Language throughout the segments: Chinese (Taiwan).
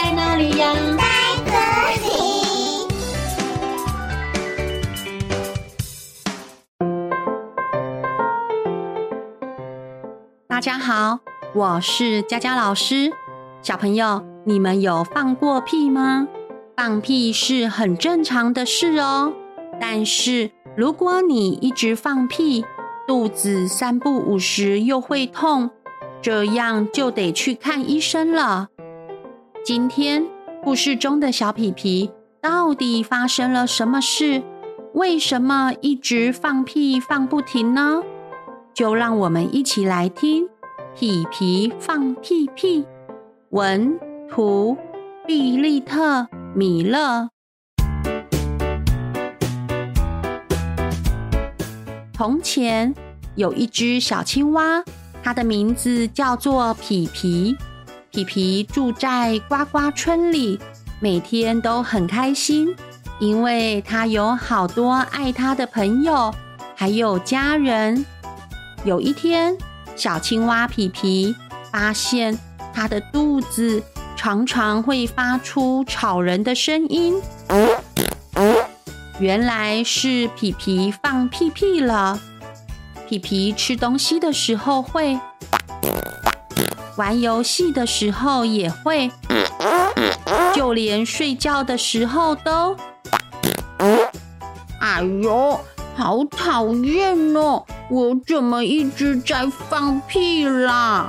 在哪裡呀、啊？在這裡。大家好，我是佳佳老師。小朋友，你們有放過屁嗎？放屁是很正常的事哦。但是如果你一直放屁，肚子三不五時又會痛，這樣就得去看醫生了。今天故事中的小皮皮到底發生了什麼事？為什麼一直放屁放不停呢？就讓我們一起來聽《皮皮放屁屁》文。文圖：碧利特米勒。從前有一隻小青蛙，它的名字叫做皮皮。皮皮住在呱呱村裡，每天都很開心，因為他有好多愛他的朋友，還有家人。有一天，小青蛙皮皮發現他的肚子常常會發出吵人的聲音，嗯嗯、原來是皮皮放屁屁了。皮皮吃東西的時候會。玩遊戲的時候也會，就連睡覺的時候都。哎呦，好討厭哦！我怎麼一直在放屁啦？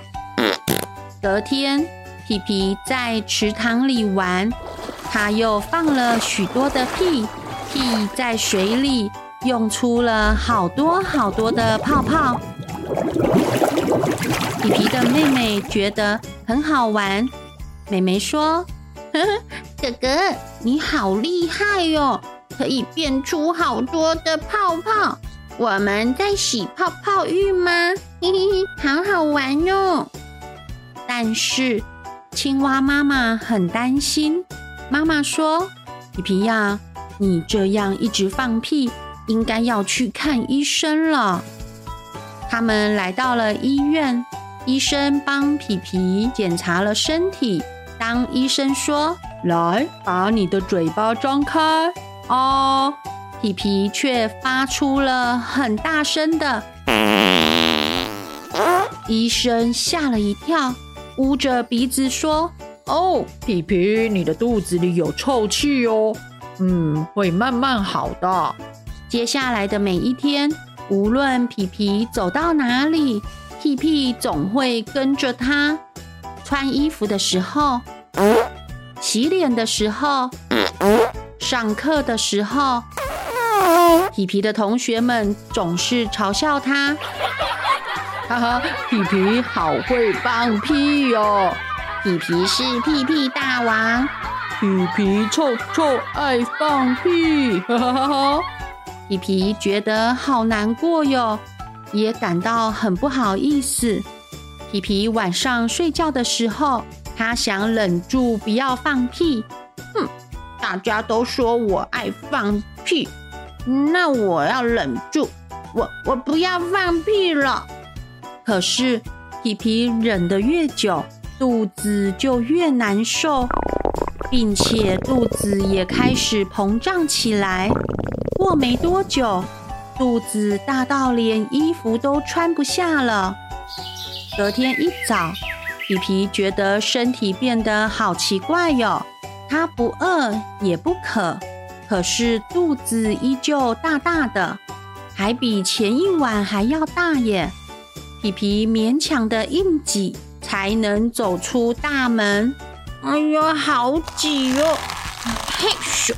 隔天皮皮在池塘裡玩，他又放了許多的屁，屁在水裡湧出了好多好多的泡泡。皮皮的妹妹覺得很好玩，妹妹說：“呵呵，哥哥，你好厲害喲，可以變出好多的泡泡。我們在洗泡泡浴嗎？嘿嘿，好好玩喲。”但是青蛙媽媽很擔心，媽媽說：“皮皮呀，你這樣一直放屁，應該要去看醫生了。”他們來到了醫院，醫生幫皮皮檢查了身體。當醫生說：“來，把你的嘴巴張開。”哦，皮皮卻發出了很大聲的。醫生嚇了一跳，捂着鼻子說：“哦，皮皮，你的肚子裡有臭氣哦。”嗯，會慢慢好的。接下來的每一天。無論皮皮走到哪裡，屁屁總會跟着他。穿衣服的時候，嗯、洗臉的時候，嗯、上課的時候，嗯、皮皮的同學們總是嘲笑他。 哈哈，皮皮好會放屁哦！」皮皮是屁屁大王，皮皮臭臭愛放屁，哈哈哈哈。皮皮覺得好難過喲，也感到很不好意思。皮皮晚上睡覺的時候，他想忍住不要放屁。哼，大家都說我愛放屁，那我要忍住，我我不要放屁了。可是皮皮忍得越久，肚子就越難受，並且肚子也開始膨脹起來。過沒多久，肚子大到連衣服都穿不下了。隔天一早，皮皮覺得身體變得好奇怪喲、哦。他不餓也不渴，可是肚子依舊大大的，還比前一晚還要大耶。皮皮勉強的硬擠，才能走出大門。哎呀，好擠哦！嘿咻。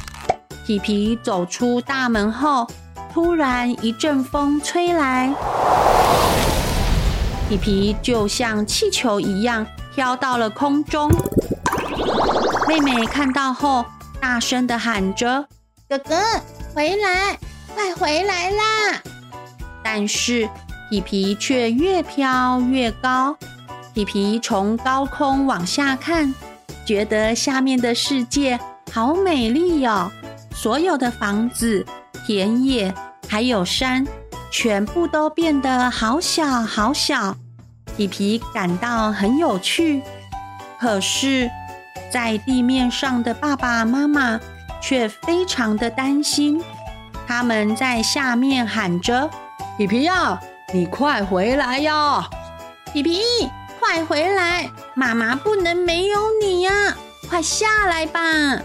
皮皮走出大門後，突然一陣風吹來，皮皮就像氣球一樣飄到了空中。妹妹看到後，大聲地喊着：“哥哥，回來，快回來啦！”但是皮皮卻越飄越高。皮皮從高空往下看，覺得下面的世界好美麗哦。所有的房子、田野還有山，全部都變得好小好小。皮皮感到很有趣，可是在地面上的爸爸媽媽卻非常的擔心。他們在下面喊着：“皮皮呀、啊，你快回來呀！皮皮，快回來！媽媽不能沒有你呀、啊！快下來吧！”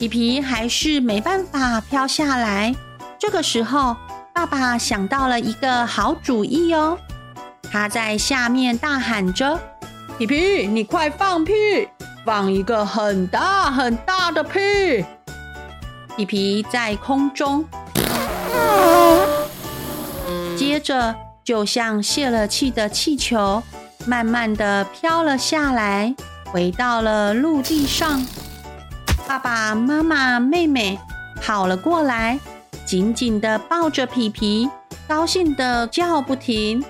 皮皮還是沒辦法飄下來。這個時候，爸爸想到了一個好主意哦，他在下面大喊着：“皮皮，你快放屁，放一個很大很大的屁！”皮皮在空中，啊，接着就像洩了氣的氣球，慢慢的飄了下來，回到了陸地上。爸爸媽媽、妹妹跑了過來，緊緊地抱着皮皮，高興地叫不停。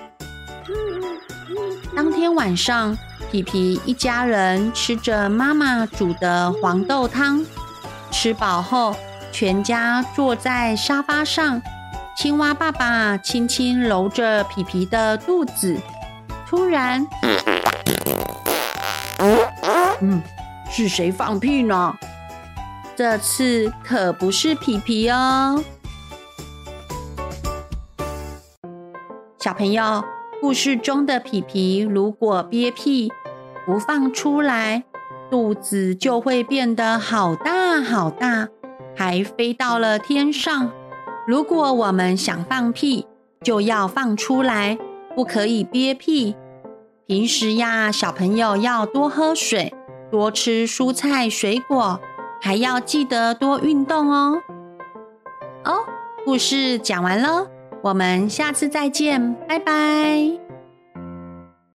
當天晚上，皮皮一家人吃着媽媽煮的黃豆湯，吃飽後，全家坐在沙發上。青蛙爸爸輕輕揉着皮皮的肚子，突然，嗯，是誰放屁呢？這次可不是皮皮哦，小朋友。故事中的皮皮如果憋屁不放出來，肚子就會變得好大好大，還飛到了天上。如果我們想放屁，就要放出來，不可以憋屁。平時呀，小朋友要多喝水，多吃蔬菜水果。還要記得多運動哦。哦，故事講完了，我們下次再見，拜拜。